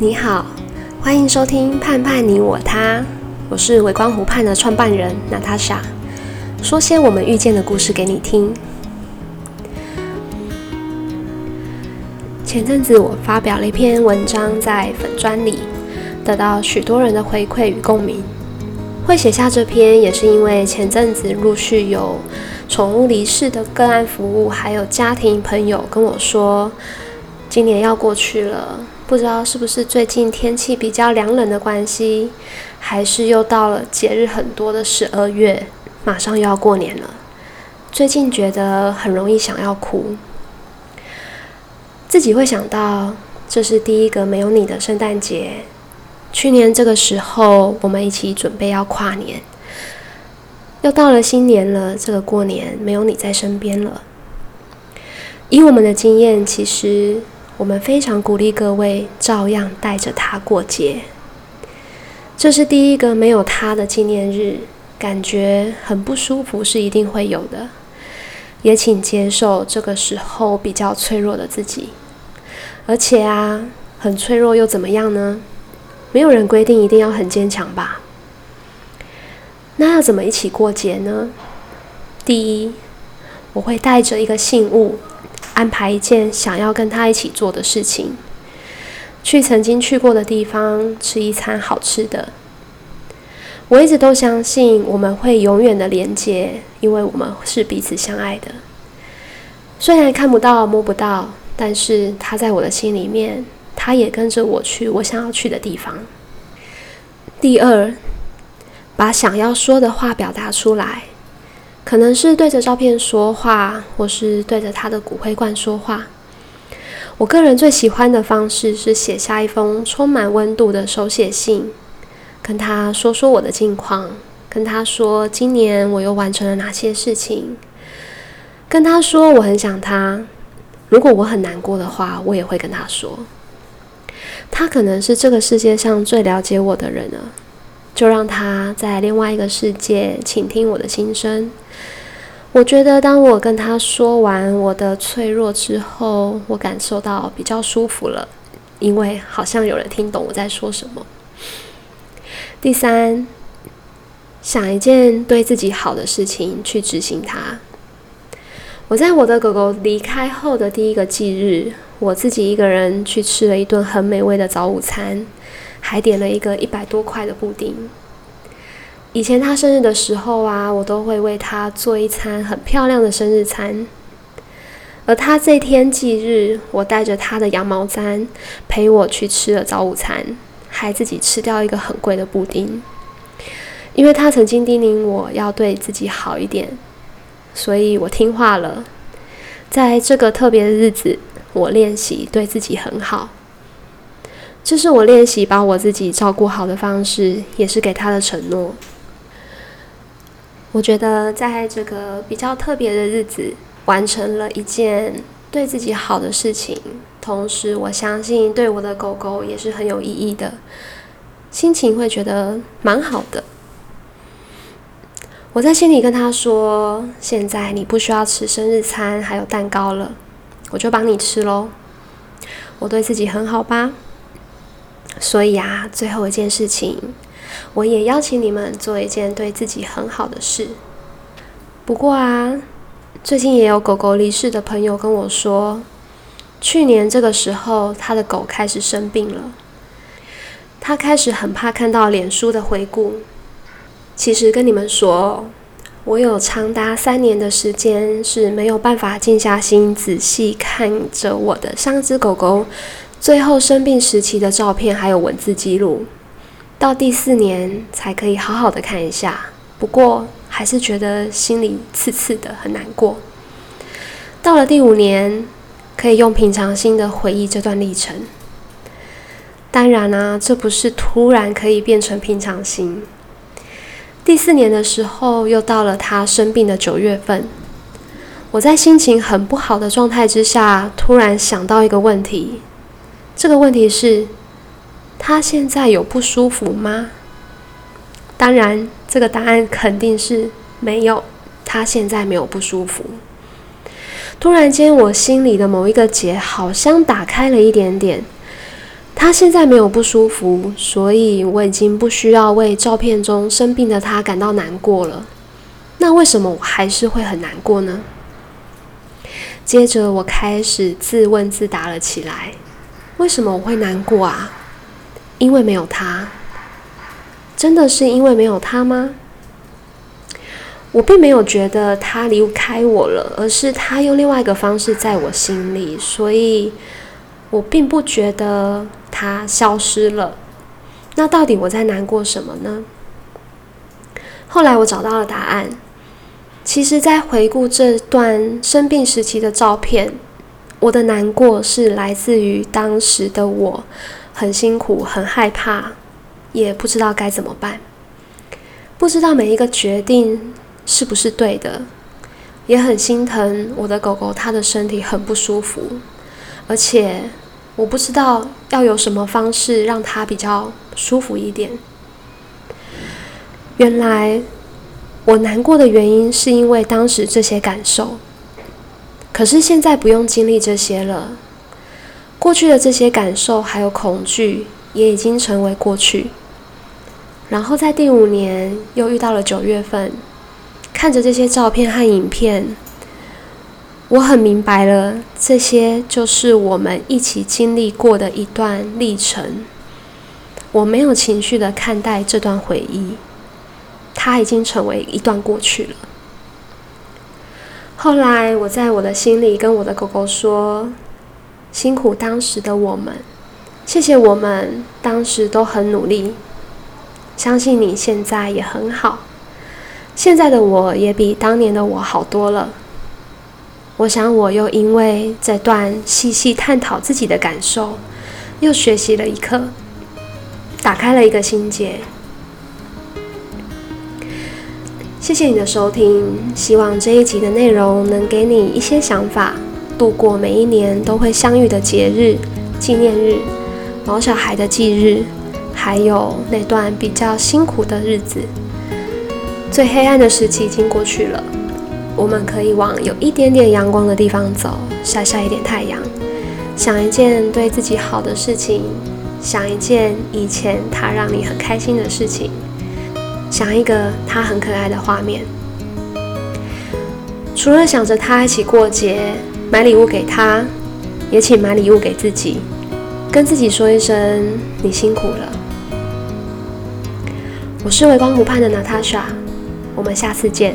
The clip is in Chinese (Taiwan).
你好，歡迎收聽《盼盼你我他》，我是微光湖盼的創辦人娜塔莎，說些我們遇見的故事給你聽。前陣子我發表了一篇文章在粉專裡，得到許多人的回饋與共鳴。會寫下這篇，也是因為前陣子陸續有寵物離世的個案服務，還有家庭朋友跟我說，今年要過去了。不知道是不是最近天氣比較涼冷的關係，還是又到了節日很多的十二月，馬上又要過年了。最近覺得很容易想要哭，自己會想到這是第一個沒有你的聖誕節。去年這個時候，我們一起準備要跨年，又到了新年了。這個過年沒有你在身邊了。以我們的經驗，其實。我們非常鼓勵各位照樣帶着他過節。這是第一個沒有他的紀念日，感覺很不舒服是一定會有的。也請接受這個時候比較脆弱的自己。而且啊，很脆弱又怎麼樣呢？沒有人規定一定要很堅強吧？那要怎麼一起過節呢？第一，我會帶着一個信物。安排一件想要跟他一起做的事情，去曾經去過的地方吃一餐好吃的。我一直都相信我們會永遠的連接，因為我們是彼此相愛的。雖然看不到摸不到，但是他在我的心裡面，他也跟着我去我想要去的地方。第二，把想要說的話表達出來。可能是對着照片說話，或是對着他的骨灰罐說話。我個人最喜歡的方式是寫下一封充滿溫度的手寫信，跟他說說我的近況，跟他說今年我又完成了哪些事情，跟他說我很想他。如果我很難過的話，我也會跟他說。他可能是這個世界上最了解我的人了。就讓他在另外一個世界傾聽我的心聲。我覺得，當我跟他說完我的脆弱之後，我感受到比較舒服了，因為好像有人聽懂我在說什麼。第三，想一件對自己好的事情去執行它。我在我的狗狗離開後的第一個忌日，我自己一個人去吃了一頓很美味的早午餐。還點了一個一百多塊的布丁。以前他生日的時候啊，我都會為他做一餐很漂亮的生日餐。而他這天忌日，我帶着他的羊毛氈陪我去吃了早午餐，還自己吃掉一個很貴的布丁。因為他曾經叮嚀我要對自己好一點，所以我聽話了。在這個特別的日子，我練習對自己很好。這是我練習把我自己照顧好的方式，也是給他的承諾。我覺得在這個比較特別的日子，完成了一件對自己好的事情，同時我相信對我的狗狗也是很有意義的，心情會覺得蠻好的。我在心裡跟他說：“現在你不需要吃生日餐還有蛋糕了，我就幫你吃嘍。”我對自己很好吧？所以啊，最後一件事情，我也邀請你們做一件對自己很好的事。不過啊，最近也有狗狗離世的朋友跟我說，去年這個時候他的狗開始生病了，他開始很怕看到臉書的回顧。其實跟你們說，我有長達三年的時間是沒有辦法靜下心仔細看着我的三隻狗狗。最後生病時期的照片還有文字記錄，到第四年才可以好好的看一下。不過還是覺得心裡刺刺的，很難過。到了第五年，可以用平常心的回憶這段歷程。當然啊，這不是突然可以變成平常心。第四年的時候，又到了他生病的九月份，我在心情很不好的狀態之下，突然想到一個問題。這個問題是：他現在有不舒服嗎？當然，這個答案肯定是沒有。他現在沒有不舒服。突然間，我心裡的某一個結好像打開了一點點。他現在沒有不舒服，所以我已經不需要為照片中生病的他感到難過了。那為什麼我還是會很難過呢？接着，我開始自問自答了起來。為什麼我會難過啊？因為沒有他。真的是因為沒有他嗎？我並沒有覺得他離開我了，而是他用另外一個方式在我心裡，所以我並不覺得他消失了。那到底我在難過什麼呢？後來我找到了答案。其實，在回顧這段生病時期的照片。我的難過是來自於當時的我，很辛苦，很害怕，也不知道該怎麼辦，不知道每一個決定是不是對的，也很心疼我的狗狗，它的身體很不舒服，而且我不知道要有什麼方式讓它比較舒服一點。原來我難過的原因是因為當時這些感受。可是現在不用經歷這些了，過去的這些感受還有恐懼，也已經成為過去。然後在第五年又遇到了九月份，看着這些照片和影片，我很明白了，這些就是我們一起經歷過的一段歷程。我沒有情緒的看待這段回憶，它已經成為一段過去了。後來，我在我的心裡跟我的狗狗說：“辛苦當時的我們，謝謝我們當時都很努力，相信你現在也很好。現在的我也比當年的我好多了。我想，我又因為這段細細探討自己的感受，又學習了一課，打開了一個心結。”謝謝你的收聽，希望這一集的內容能給你一些想法，度過每一年都會相遇的節日、紀念日、毛小孩的忌日，還有那段比較辛苦的日子。最黑暗的時期已經過去了，我們可以往有一點點陽光的地方走，曬曬一點太陽，想一件對自己好的事情，想一件以前他讓你很開心的事情。想一個他很可愛的畫面，除了想着他一起過節，買禮物給他，也請買禮物給自己，跟自己說一聲你辛苦了。我是微光湖盼的 Natasha，我們下次見。